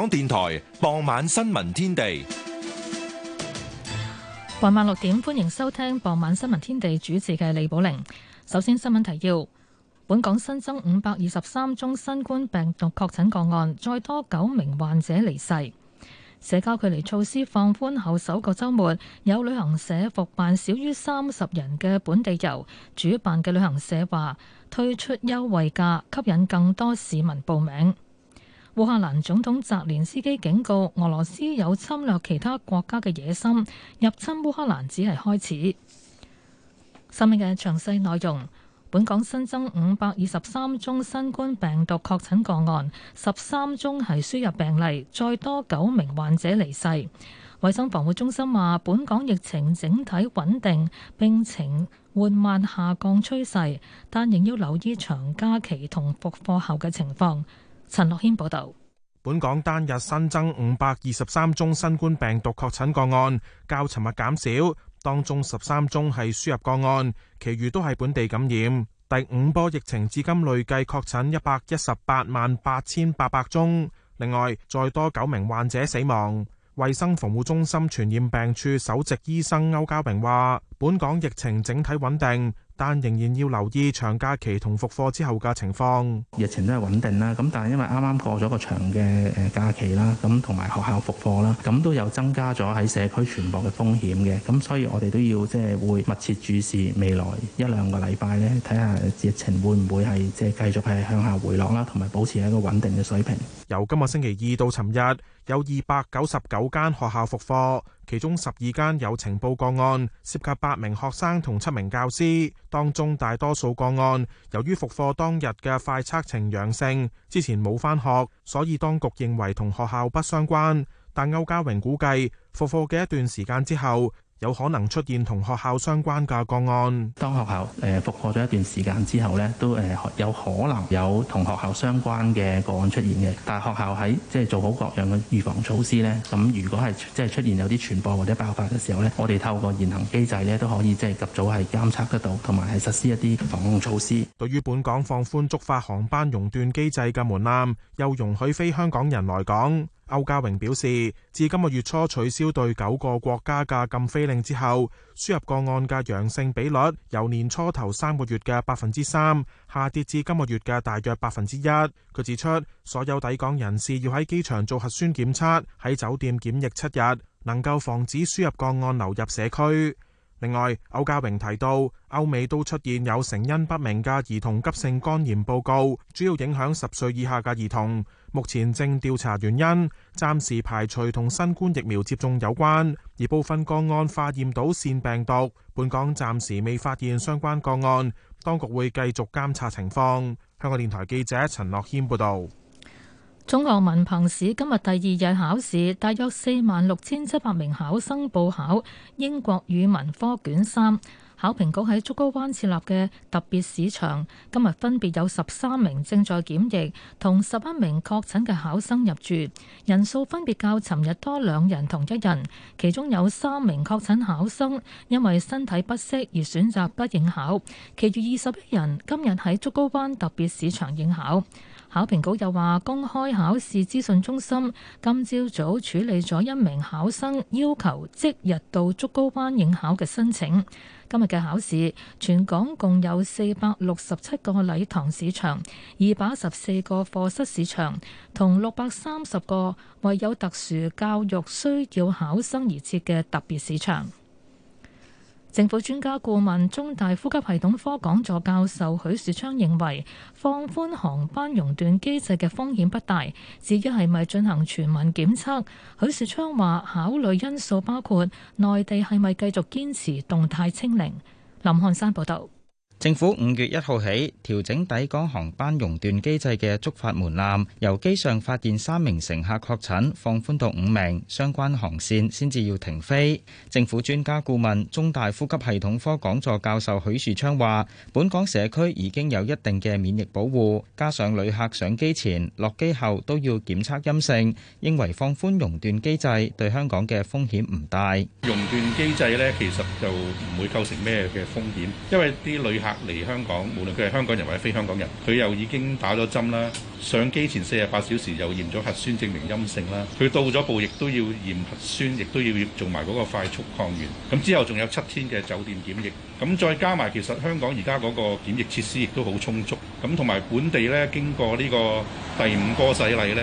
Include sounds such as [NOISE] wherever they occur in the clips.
港電台傍晚新聞天地，傍晚六點，歡迎收聽傍晚新聞天地，主持嘅李寶玲。首先新聞提要，本港新增五百二十三宗新冠病毒確診個案，再多九名患者離世。社交距離措施放寬後首個周末，有旅行社復辦少於三十人嘅本地遊。主辦嘅旅行社話，推出優惠價，吸引更多市民報名。烏克蘭總統澤連斯基警告俄羅斯有侵略其他國家嘅野心，入侵烏克蘭只係開始。新聞嘅詳細內容：本港新增五百二十三宗新冠病毒確診個案，十三宗係輸入病例，再多九名患者離世。衛生防護中心話，本港疫情整體穩定，病情緩慢下降趨勢，但仍要留意長假期同復課後嘅情況。陳樂軒報道：本港單日新增五百二十三宗新冠病毒確診個案，較尋日減少，當中十三宗係輸入個案，其餘都係本地感染。第五波疫情至今累計確診一百一十八萬八千八百宗，另外再多九名患者死亡。衛生防護中心傳染病處首席醫生歐家榮話：本港疫情整體穩定。但仍然要留意長假期同復課之後嘅情況。疫情都係穩定啦，咁但係因為啱啱過咗個長嘅誒假期啦，咁同埋學校復課啦，咁都有增加咗喺社區傳播嘅風險嘅，咁所以我哋都要即係會密切注視未來一兩個禮拜呢，睇下疫情會唔會係即係繼續係向下回落啦，同埋保持一個穩定嘅水平。由今個星期二到尋日，有二百九十九間學校復課，其中十二間有情報個案，涉及八名學生同七名教師，當中大多數個案由於復課當日嘅快測呈陽性，之前冇返學，所以當局認為同學校不相關。但歐家榮估計，復課嘅一段時間之後。有可能出現同學校相關嘅個案。當學校誒，復課咗一段時間之後呢，都誒，有可能有同學校相關嘅個案出現嘅。但係學校喺即係做好各樣嘅預防措施呢。咁如果係即係出現有啲傳播或者爆發嘅時候呢，我哋透過現行機制呢，都可以即係及早係監測得到，同埋係實施一啲防控措施。對於本港放寬觸發航班熔斷機制嘅門檻，又容許非香港人來港。歐家榮表示，自今個月初取消對九個國家嘅禁飛令之後，輸入個案嘅陽性比率由年初頭三個月嘅百分之三，下跌至今個月嘅大約百分之一。佢指出，所有抵港人士要喺機場做核酸檢測，喺酒店檢疫七日，能夠防止輸入個案流入社區。另外，歐家榮提到，歐美都出現有成因不明嘅兒童急性肝炎報告，主要影響十歲以下嘅兒童，目前正調查原因，暫時排除同新冠疫苗接種有關，而部分個案化驗到腺病毒，本港暫時未發現相關個案，當局會繼續監察情況。香港電台記者陳樂謙報道。中學文憑試今日第二日考試，大約四萬六千七百名考生報考英國語文科卷三。考評局喺竹篙灣設立嘅特別市場，今日分別有十三名正在檢疫同十一名確診嘅考生入住，人數分別較尋日多兩人同一人。其中有三名確診考生因為身體不適而選擇不應考，其餘二十一人今日喺竹篙灣特別市場應考。考評局又話，公開考試資訊中心今朝早處理咗一名考生要求即日到竹篙灣應考嘅申請。今日嘅考試，全港共有四百六十七個禮堂市場、二百一十四個課室市場，同六百三十個為有特殊教育需要考生而設嘅特別市場。政府專家顧問、中大呼吸系統科講座教授許樹昌認為，放寬航班熔斷機制嘅風險不大，至於係咪進行全民檢測，許樹昌話考慮因素包括內地係咪繼續堅持動態清零。林漢山報導。政府五月一號起調整抵港航班熔斷機制嘅觸發門檻，由機上發現三名乘客確診放寬到五名，相關航線先至要停飛。政府專家顧問、中大呼吸系統科講座教授許樹昌話，本港社區已經有一定嘅免疫保護，加上旅客上機前、落機後都要檢測陰性，認為放寬熔斷機制對香港嘅風險唔大。熔斷機制咧，其實就唔會構成咩嘅風險，因為啲旅客，隔離香港，無論佢係香港人或者非香港人，佢又已經打咗針啦，上機前四十八小時又驗咗核酸證明陰性啦，佢到咗埗亦都要驗核酸，亦都要做埋嗰個快速抗原，咁之後仲有七天嘅酒店檢疫，咁再加埋其實香港而家嗰個檢疫設施亦都好充足，咁同埋本地呢，經過呢個第五波洗禮呢。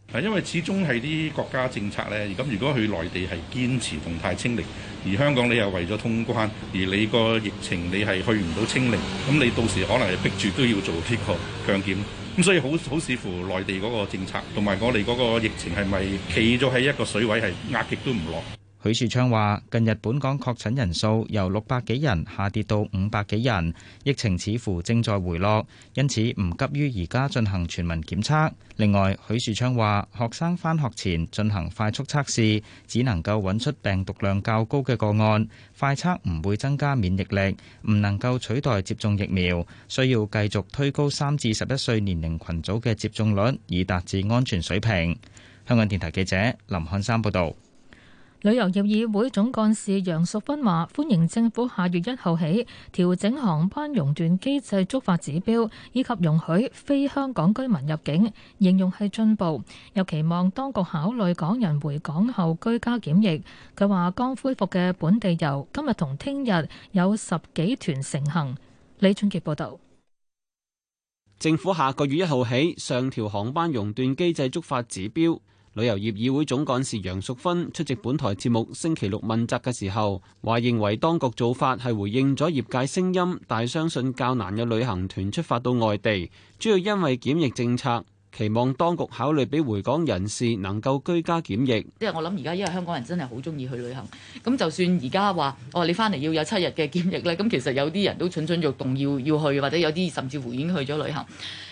因為始終係啲國家政策呢，咁如果去內地係堅持動態清零，而香港你又為咗通關，而你個疫情你係去唔到清零，咁你到時可能係逼住都要做呢個強檢，咁所以好好視乎內地嗰個政策，同埋我哋嗰個疫情係咪企咗喺一個水位係壓極都唔落。許樹昌話：近日本港確診人數由六百幾人下跌到五百幾人，疫情似乎正在回落，因此唔急於而家進行全民檢測。另外，許樹昌話學生返學前進行快速測試，只能夠揾出病毒量較高嘅個案，快測唔會增加免疫力，唔能夠取代接種疫苗，需要繼續推高三至十一歲年齡群組嘅接種率，以達至安全水平。香港電台記者林漢山報導。旅遊業議會總幹事楊淑芬話：歡迎政府下月一號起調整航班熔斷機制觸發指標，以及容許非香港居民入境，形容係進步。又期望當局考慮港人回港後居家檢疫。佢話剛恢復嘅本地遊今日同聽日有十幾團成行。李俊杰報道。政府下個月一號起上調航班熔斷機制觸發指標。旅遊業議會總幹事楊淑芬出席本台節目星期六問責嘅時候，話認為當局做法係回應咗業界聲音，但相信較難有旅行團出發到外地，主要因為檢疫政策。期望當局考慮俾回港人士能夠居家檢疫。即係我諗而家，因為香港人真係好中意去旅行，咁就算而家話，我、哦、你翻嚟要有七日嘅檢疫咧，咁其實有啲人都蠢蠢欲動要要去，或者有啲甚至乎已經去咗旅行。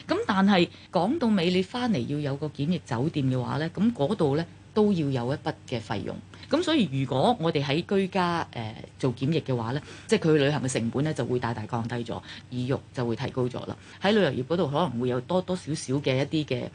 咁但係講到尾，你翻嚟要有個檢疫酒店嘅話咧，咁嗰度咧都要有一筆嘅費用。咁所以如果我哋喺居家誒、呃、做檢疫嘅話，呢即係佢去旅行嘅成本呢，就會大大降低咗，意欲就會提高咗啦。喺旅遊業嗰度可能會有多多少少嘅一啲嘅誒，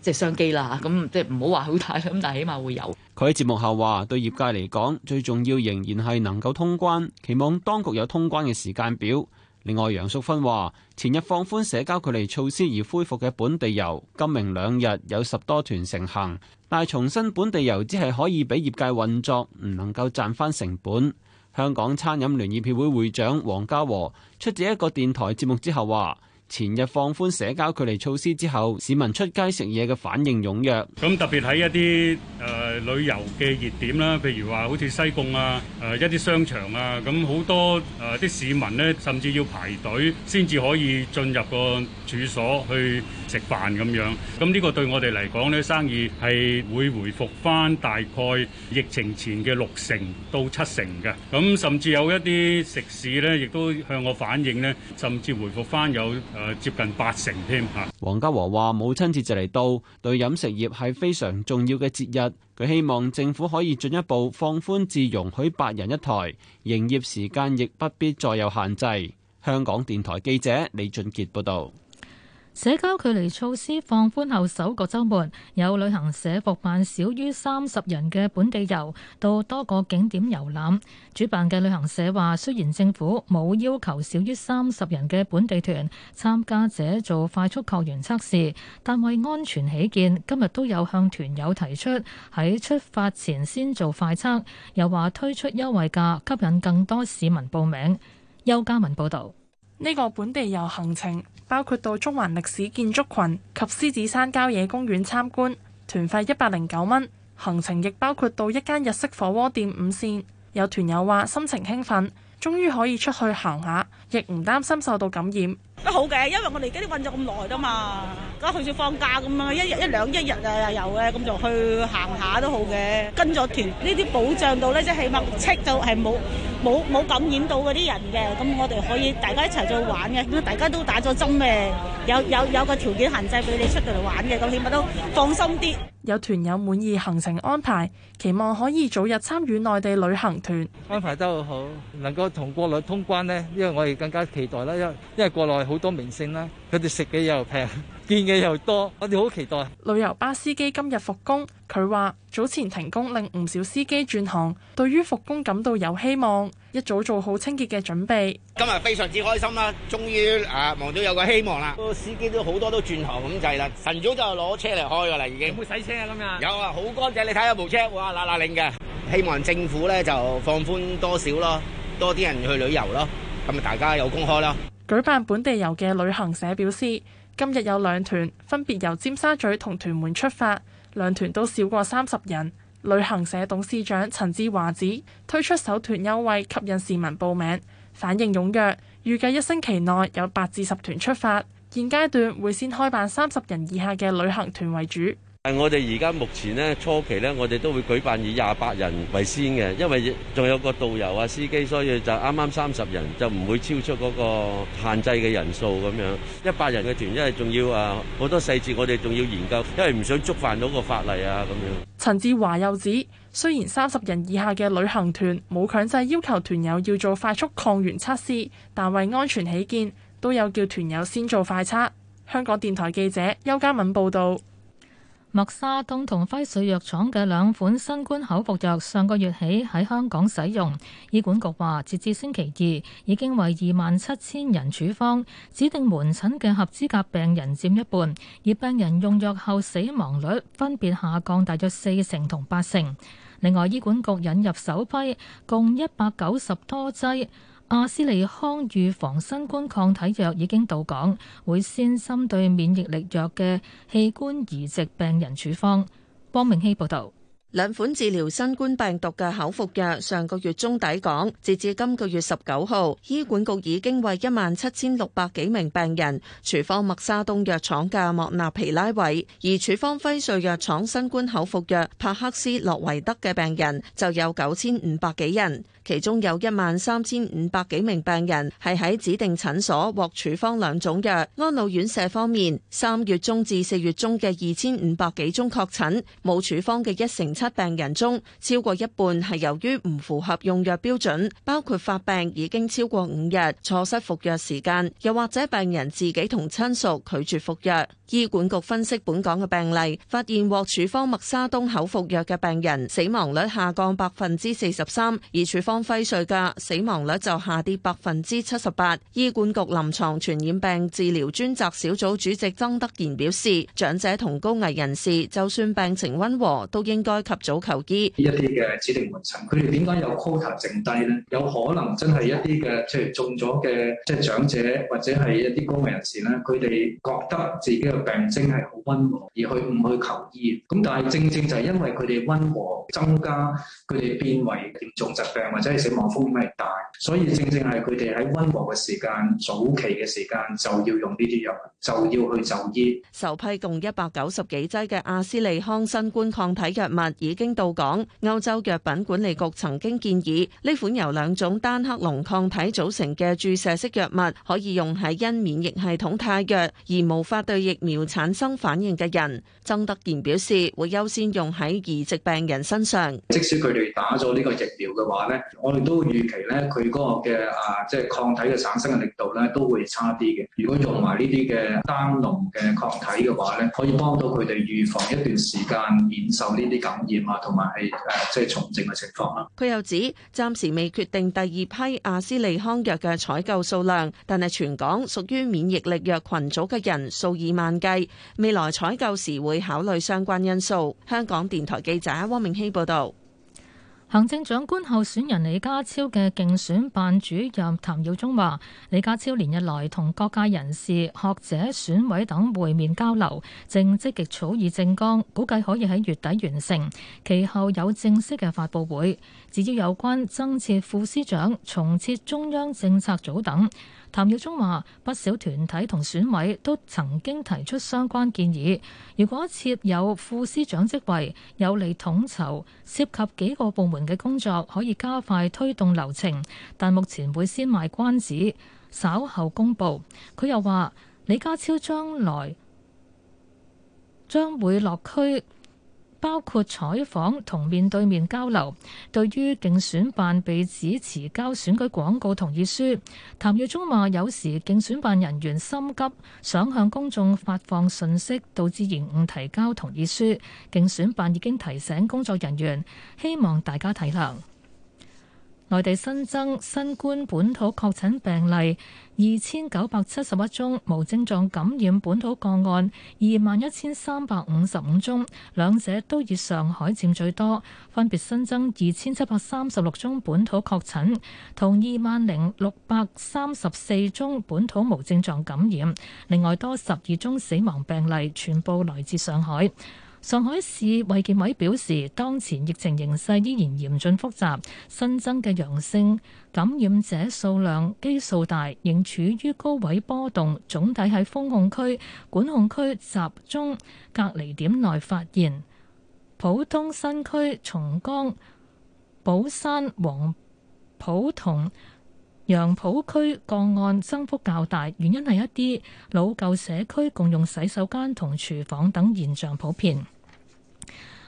即係商機啦。吓，咁即係唔好話好大，咁但係起碼會有。佢喺節目後話，對業界嚟講最重要仍然係能夠通關，期望當局有通關嘅時間表。另外，楊淑芬話，前日放寬社交距離措施而恢復嘅本地遊，今明兩日有十多團成行。但係重新本地遊只係可以俾業界運作，唔能夠賺翻成本。香港餐飲聯業協會會長黃家和出席一個電台節目之後話，前日放寬社交距離措施之後，市民出街食嘢嘅反應踴躍。咁特別喺一啲誒旅遊嘅熱點啦，譬如話好似西貢啊，誒一啲商場啊，咁好多誒啲市民呢，甚至要排隊先至可以進入個處所去。食飯咁樣，咁呢個對我哋嚟講呢，生意係會回復翻大概疫情前嘅六成到七成嘅。咁甚至有一啲食肆呢，亦都向我反映呢，甚至回復翻有誒接近八成添嚇。黃家和話：母親節就嚟到，對飲食業係非常重要嘅節日。佢希望政府可以進一步放寬至容許八人一台，營業時間亦不必再有限制。香港電台記者李俊傑報導。社交距離措施放寬後首個週末，有旅行社復辦少於三十人嘅本地遊到多個景點遊覽。主辦嘅旅行社話，雖然政府冇要求少於三十人嘅本地團參加者做快速抗原測試，但為安全起見，今日都有向團友提出喺出發前先做快測。又話推出優惠價，吸引更多市民報名。邱家文報導。呢個本地遊行程包括到中環歷史建築群及獅子山郊野公園參觀，團費一百零九蚊。行程亦包括到一間日式火鍋店午膳。有團友話心情興奮，終於可以出去行下，亦唔擔心受到感染。都好嘅，因為我哋而家都困咗咁耐㗎嘛，而家好似放假咁啊，一日一兩一日啊又有嘅，咁就去行下都好嘅。跟咗團呢啲保障到呢，即係乜 check 到係冇。冇冇感染到嗰啲人嘅，咁我哋可以大家一齊再玩嘅，咁大家都打咗針咧，有有有個條件限制俾你出到嚟玩嘅，咁起碼都放心啲。有團友滿意行程安排，期望可以早日參與內地旅行團。安排得好好，能夠同國內通關呢。因為我哋更加期待啦，因因為國內好多明星啦，佢哋食嘅嘢又平。見嘅又多，我哋好期待。旅遊巴司機今日復工，佢話早前停工令唔少司機轉行，對於復工感到有希望，一早做好清潔嘅準備。今日非常之開心啦，終於啊望到有個希望啦。司機都好多都轉行咁滯啦，晨早就攞車嚟開㗎啦，已經有冇洗車啊？今日有啊，好乾淨。你睇下部車，哇，嗱嗱領嘅。希望政府呢就放寬多少咯，多啲人去旅遊咯，咁咪大家有工開咯。舉辦本地遊嘅旅行社表示。今日有兩團，分別由尖沙咀同屯門出發，兩團都少過三十人。旅行社董事長陳志華指推出首團優惠，吸引市民報名，反應踴躍，預計一星期內有八至十團出發，現階段會先開辦三十人以下嘅旅行團為主。但係我哋而家目前呢初期咧，我哋都會舉辦以廿八人為先嘅。因為仲有個導遊啊、司機，所以就啱啱三十人就唔會超出嗰個限制嘅人數。咁樣一百人嘅團，因為仲要啊好多細節，我哋仲要研究，因為唔想觸犯到個法例啊咁樣。陳志華又指，雖然三十人以下嘅旅行團冇強制要求團友要做快速抗原測試，但為安全起見，都有叫團友先做快測。香港電台記者邱家敏報道。默沙東同輝瑞藥廠嘅兩款新冠口服藥，上個月起喺香港使用。醫管局話，截至星期二，已經為二萬七千人處方，指定門診嘅合資格病人佔一半，而病人用藥後死亡率分別下降大約四成同八成。另外，醫管局引入首批共一百九十多劑。阿斯利康預防新冠抗體藥已經到港，會先針對免疫力弱嘅器官移植病人處方。汪明希報導。兩款治療新冠病毒嘅口服藥上個月中抵港，截至今個月十九號，醫管局已經為一萬七千六百幾名病人處方默沙東藥廠嘅莫納皮拉韋，而處方輝瑞藥，藥廠新冠口服藥帕克斯洛維德嘅病人就有九千五百幾人，其中有一萬三千五百幾名病人係喺指定診所獲處方兩種藥。安老院舍方面，三月中至四月中嘅二千五百幾宗確診冇處方嘅一成。七病人中，超過一半係由於唔符合用藥標準，包括發病已經超過五日，錯失服藥時間，又或者病人自己同親屬拒絕服藥。醫管局分析本港嘅病例，發現獲處方默沙東口服藥嘅病人死亡率下降百分之四十三，而處方輝瑞嘅死亡率就下跌百分之七十八。醫管局臨床傳染病治療專責小組主席曾德賢表示，長者同高危人士就算病情溫和，都應該。及早求醫一啲嘅指定門診，佢哋點解有 quota 剩低咧？有可能真係一啲嘅，即係中咗嘅即係長者或者係一啲高危人士咧，佢哋覺得自己嘅病徵係好溫和，而去唔去求醫。咁但係正正就係因為佢哋溫和增加，佢哋變為嚴重疾病或者係死亡風險係大，所以正正係佢哋喺溫和嘅時間，早期嘅時間就要用呢啲藥，就要去就醫。首批共一百九十幾劑嘅阿斯利康新冠抗體藥物，已經到港。歐洲藥品管理局曾經建議，呢款由兩種單克隆抗體組成嘅注射式藥物，可以用喺因免疫系統太弱而無法對疫苗產生反應嘅人。曾德賢表示，會優先用喺移植病人身上。即使佢哋打咗呢個疫苗嘅話呢，我哋都預期呢，佢嗰個嘅啊，即係抗體嘅產生嘅力度呢，都會差啲嘅。如果用埋呢啲嘅單克隆嘅抗體嘅話呢，可以幫到佢哋預防一段時間免受呢啲感染。同埋係誒即係重症嘅情況啊，佢又指，暫時未決定第二批阿斯利康藥嘅採購數量，但係全港屬於免疫力弱群組嘅人數以萬計，未來採購時會考慮相關因素。香港電台記者汪明熙報道。行政長官候選人李家超嘅競選辦主任譚耀宗話，李家超連日來同各界人士、學者、選委等會面交流，正積極草擬政綱，估計可以喺月底完成，其後有正式嘅發佈會，至於有關增設副司長、重設中央政策組等。譚耀宗話：不少團體同選委都曾經提出相關建議，如果設有副司長職位，有利統籌涉及幾個部門嘅工作，可以加快推動流程。但目前會先賣關子，稍後公佈。佢又話：李家超將來將會落區。包括採訪同面對面交流。對於競選辦被指遲交選舉廣告同意書，譚耀宗話：有時競選辦人員心急，想向公眾發放信息，導致延誤提交同意書。競選辦已經提醒工作人員，希望大家體諒。內地新增新冠本土確診病例二千九百七十一宗，無症狀感染本土個案二萬一千三百五十五宗，兩者都以上海佔最多，分別新增二千七百三十六宗本土確診，同二萬零六百三十四宗本土無症狀感染。另外多十二宗死亡病例，全部來自上海。上海市衛健委表示，當前疫情形勢依然嚴峻複雜，新增嘅陽性感染者數量基數大，仍處於高位波動，總體喺封控區管控區集中隔離點內發現，浦東新區、松江、寶山、黃浦同楊浦區個案增幅較大，原因係一啲老舊社區共用洗手間同廚房等現象普遍。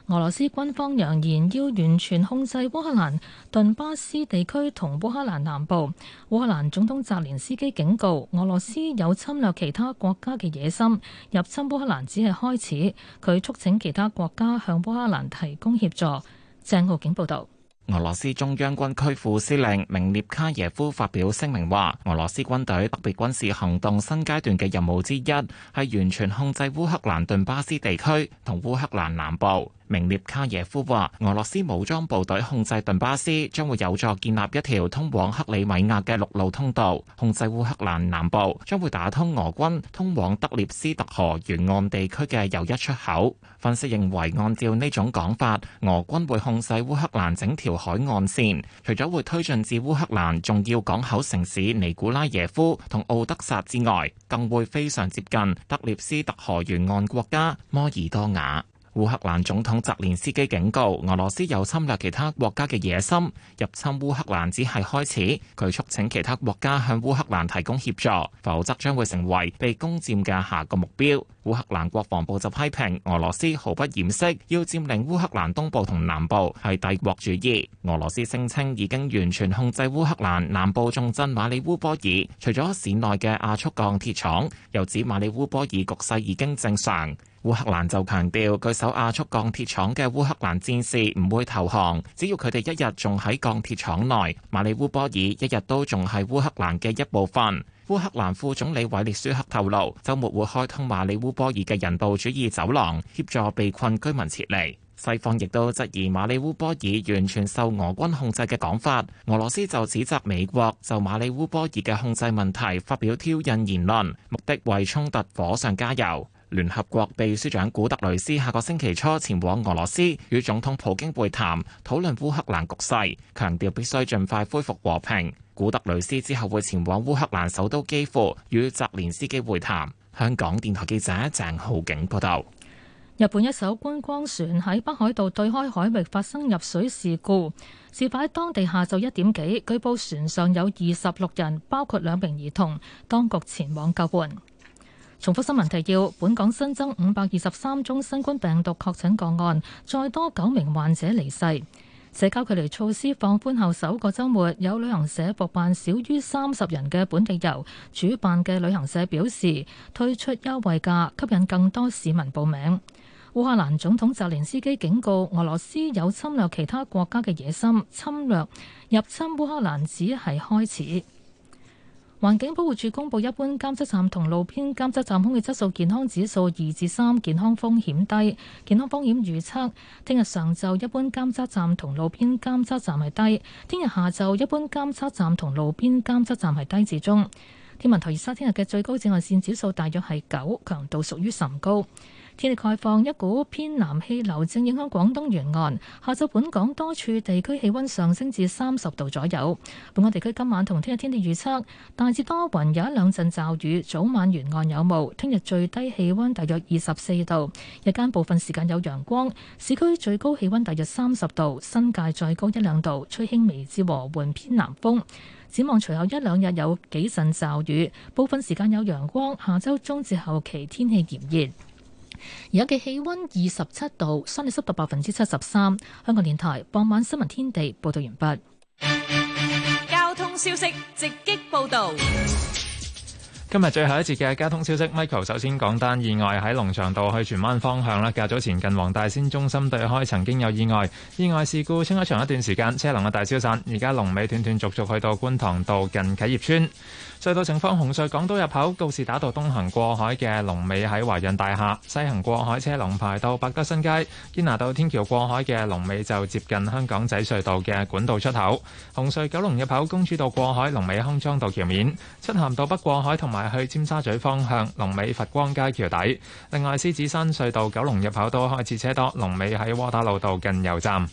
俄羅斯軍方揚言要完全控制烏克蘭頓巴斯地區同烏克蘭南部。烏克蘭總統澤連斯基警告，俄羅斯有侵略其他國家嘅野心，入侵烏克蘭只係開始。佢促請其他國家向烏克蘭提供協助。鄭浩景報道。俄羅斯中央軍區副司令明涅卡耶夫發表聲明話：俄羅斯軍隊特別軍事行動新階段嘅任務之一係完全控制烏克蘭頓巴斯地區同烏克蘭南部。名列卡耶夫話俄羅斯武裝部隊控制頓巴斯，將會有助建立一條通往克里米亞嘅陸路通道；控制烏克蘭南部，將會打通俄軍通往德涅斯特河沿岸地區嘅又一出口。分析認為，按照呢種講法，俄軍會控制烏克蘭整條海岸線，除咗會推進至烏克蘭重要港口城市尼古拉耶夫同奧德薩之外，更會非常接近德涅斯特河沿岸國家摩爾多瓦。烏克蘭總統澤連斯基警告，俄羅斯有侵略其他國家嘅野心，入侵烏克蘭只係開始。佢促請其他國家向烏克蘭提供協助，否則將會成為被攻佔嘅下個目標。烏克蘭國防部就批評俄羅斯毫不掩飾要佔領烏克蘭東部同南部，係帝國主義。俄羅斯聲稱已經完全控制烏克蘭南部重鎮馬里烏波爾，除咗市內嘅亞速鋼鐵廠，又指馬里烏波爾局勢已經正常。烏克蘭就強調，據守亞速鋼鐵廠嘅烏克蘭戰士唔會投降，只要佢哋一日仲喺鋼鐵廠內，馬里烏波爾一日都仲係烏克蘭嘅一部分。烏克蘭副總理韋列舒克透露，周末會開通馬里烏波爾嘅人道主義走廊，協助被困居民撤離。西方亦都質疑馬里烏波爾完全受俄軍控制嘅講法，俄羅斯就指責美國就馬里烏波爾嘅控制問題發表挑釁言論，目的為衝突火上加油。聯合國秘書長古特雷斯下個星期初前往俄羅斯與總統普京會談，討論烏克蘭局勢，強調必須盡快恢復和平。古特雷斯之後會前往烏克蘭首都基輔與澤連斯基會談。香港電台記者鄭浩景報道：日本一艘觀光船喺北海道對開海域發生入水事故，事發喺當地下晝一點幾，據報船上有二十六人，包括兩名兒童，當局前往救援。重複新聞提要：本港新增五百二十三宗新冠病毒確診個案，再多九名患者離世。社交距離措施放寬後首個周末，有旅行社復辦少於三十人嘅本地遊。主辦嘅旅行社表示推出優惠價，吸引更多市民報名。烏克蘭總統澤連斯基警告俄羅斯有侵略其他國家嘅野心，侵略入侵烏克蘭只係開始。環境保護署公布一般監測站同路邊監測站空氣質素健康指數二至三，健康風險低。健康風險預測：聽日上晝一般監測站同路邊監測站係低；聽日下晝一般監測站同路邊監測站係低至中。天文台預測聽日嘅最高紫外線指數大約係九，強度屬於甚高。天氣概況，一股偏南氣流正影響廣東沿岸，下晝本港多處地區氣温上升至三十度左右。本港地區今晚同聽日天氣預測大致多雲，有一兩陣驟雨，早晚沿岸有霧。聽日最低氣溫大約二十四度，日間部分時間有陽光，市區最高氣溫大約三十度，新界再高一兩度，吹輕微至和緩偏南風。展望隨後一兩日有幾陣驟雨，部分時間有陽光，下週中至後期天氣炎熱。而家嘅氣温二十七度，相對濕度百分之七十三。香港電台傍晚新聞天地報道完畢。交通消息直擊報道。今日最後一節嘅交通消息，Michael 首先講單意外喺龍翔道去荃灣方向啦。較早前近黃大仙中心對開曾經有意外，意外事故清咗長一段時間，車龍嘅大消散。而家龍尾斷斷續續去到觀塘道近啟業村。隧道情況：紅隧港島入口告士打道東行過海嘅龍尾喺華潤大廈；西行過海車龍排到百德新街；堅拿道天橋過海嘅龍尾就接近香港仔隧道嘅管道出口。紅隧九龍入口公主道過海龍尾康莊道橋面；漆咸道北過海同埋去尖沙咀方向龍尾佛光街橋底。另外，獅子山隧道九龍入口都開始車多，龍尾喺窩打老道近油站。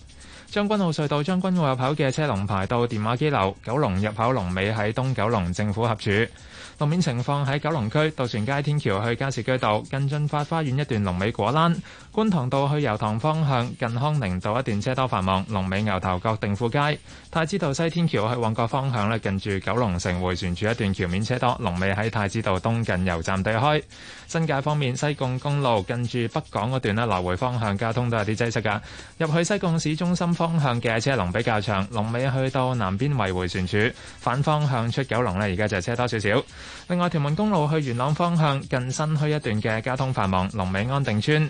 將軍澳隧道，將軍澳入口嘅車龍排到電話機樓，九龍入口龍尾喺東九龍政府合署。路面情況，喺九龍區渡船街天橋去加士居道近駿發花園一段龍尾果欄。觀塘道去油塘方向，近康寧道一段車多繁忙，龍尾牛頭角定富街。太子道西天橋去旺角方向咧，近住九龍城回旋處一段橋面車多，龍尾喺太子道東近油站對開。新界方面，西貢公路近住北港嗰段咧，來回方向交通都有啲擠塞噶。入去西貢市中心方向嘅車龍比較長，龍尾去到南邊回，回旋處反方向出九龍呢，而家就係車多少少。另外，屯門公路去元朗方向近新墟一段嘅交通繁忙，龍尾安定村。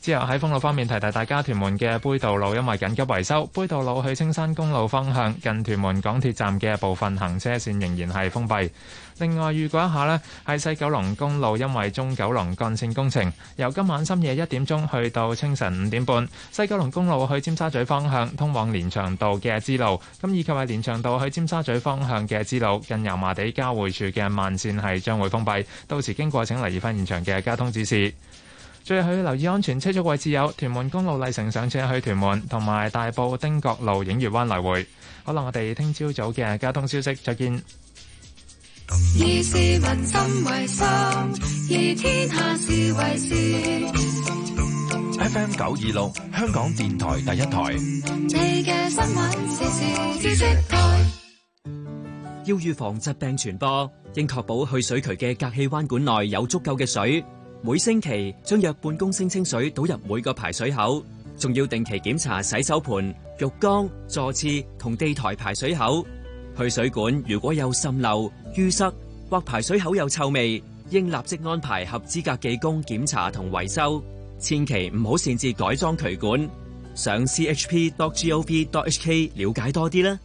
之後喺封路方面，提提大家，屯門嘅杯渡路因為緊急維修，杯渡路去青山公路方向近屯門港鐵站嘅部分行車線仍然係封閉。另外預告一下呢係西九龍公路因為中九龍幹線工程，由今晚深夜一點鐘去到清晨五點半，西九龍公路去尖沙咀方向通往連翔道嘅支路，咁以及係連翔道去尖沙咀方向嘅支路近油麻地交匯處嘅慢線係將會封閉。到時經過請留意翻現場嘅交通指示。最後要留意安全車速位置有屯門公路麗城上車去屯門，同埋大埔汀角路映月灣來回。好啦，我哋聽朝早嘅交通消息，再見。以市民心為心，以天下事為事。FM 九二六，香港電台第一台。 [NOISE] 要預防疾病傳播，應確保去水渠嘅隔氣彎管內有足夠嘅水。每星期將約半公升清水倒入每個排水口，仲要定期檢查洗手盆、浴缸、坐廁同地台排水口。去水管如果有滲漏、淤塞或排水口有臭味，應立即安排合資格技工檢查同維修。千祈唔好擅自改裝渠管。上 chp.gov.hk 了解多啲啦。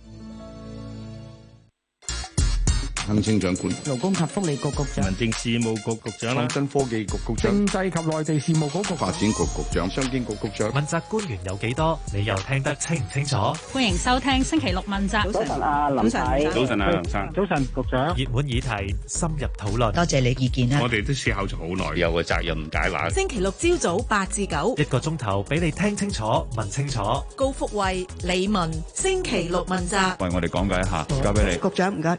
行政長官、勞工及福利局局長、民政事務局局長、創新科技局局長、政制及內地事務局局長、發展局局長、商經局局長，問責官員有幾多？你又聽得清唔清楚？歡迎收聽星期六問責。早晨啊，林仔。早晨啊，林生。早晨，局長。熱門議題深入討論。多謝你意見啊！我哋都思考咗好耐，有個責任解難。星期六朝早八至九一個鐘頭，俾你聽清楚、問清楚。高福慧、李文，星期六問責。為我哋講解一下，交俾你，局長唔該。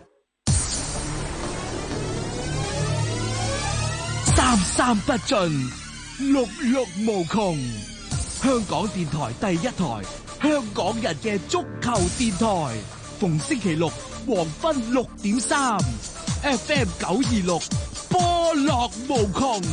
三不盡，綠綠無窮。香港電台第一台，香港人嘅足球電台，逢星期六黃昏六點三，FM 九二六，波樂無窮。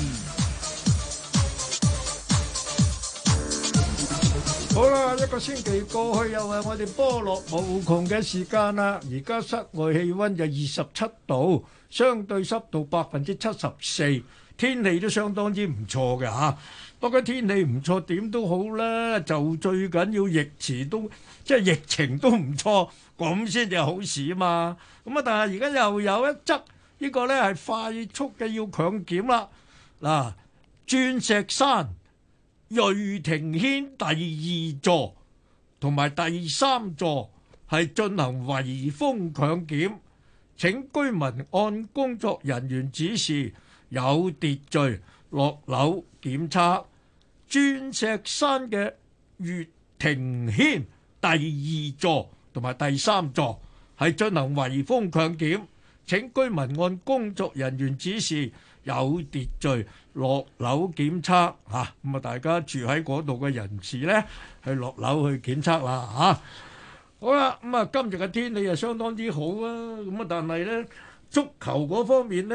好啦，一個星期過去，又係我哋波樂無窮嘅時間啦。而家室外氣温就二十七度，相對濕度百分之七十四。天氣都相當之唔錯嘅吓，不過天氣唔錯點都好啦，就最緊要疫，疫情都即係疫情都唔錯，咁先至好事嘛。咁啊，但係而家又有一則呢、呢個呢係快速嘅要強檢啦。嗱、啊，鑽石山瑞庭軒第二座同埋第三座係進行圍封強檢，請居民按工作人員指示。有秩序落樓檢測，鑽石山嘅月亭軒第二座同埋第三座係進行圍封強檢，請居民按工作人員指示有秩序落樓檢測。吓，咁啊，大家住喺度嘅人士咧，去落樓去檢測啦。吓、啊，好啦，咁、嗯、啊，今日嘅天氣啊，相當之好啊，咁啊，但係咧足球方面咧。